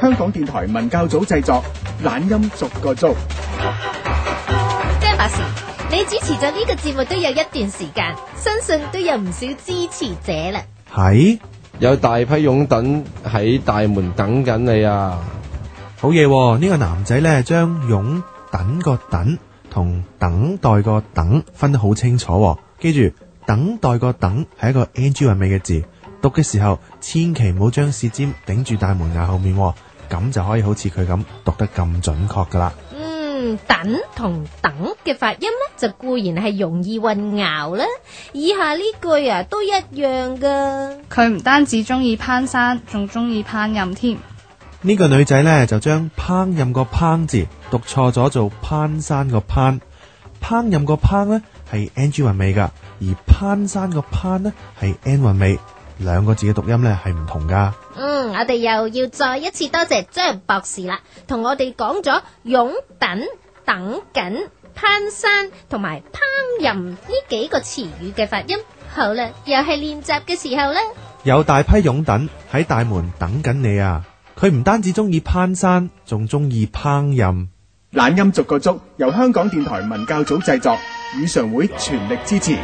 香港電台文教組製作，懶音逐個捉。詹你主持咗呢個節目都有一段時間，相信都有唔少支持者啦。係是，有大批擁躉喺大門等緊你啊！好嘢，啊，呢，這個男仔呢，將擁躉個躉同等待個等分得好清楚，啊。記住，等待個等係一個 ng 韻尾嘅字，讀嘅時候千祈唔好將舌尖頂住大門牙後面，啊。咁就可以好似佢咁讀得咁準確噶啦。嗯，等同等嘅發音呢，就固然係容易混淆啦。以下呢句啊，都一樣噶。佢唔單止中意攀山，仲中意烹飪添。呢個女仔呢，就將烹飪個烹字讀錯咗，做攀山個攀。烹飪個烹呢係 ng 韻尾噶，而攀山個攀呢係 n 韻尾。兩個字嘅讀音咧係唔同噶。嗯，我哋又要再一次多謝張博士啦，同我哋講咗擁躉、等緊、攀山同埋烹飪呢幾個詞語嘅發音。好啦，又係練習嘅時候啦。有大批擁躉喺大門等緊你啊！佢唔單止中意攀山，仲中意烹飪。懶音逐個捉，由香港電台文教組製作，與常會全力支持。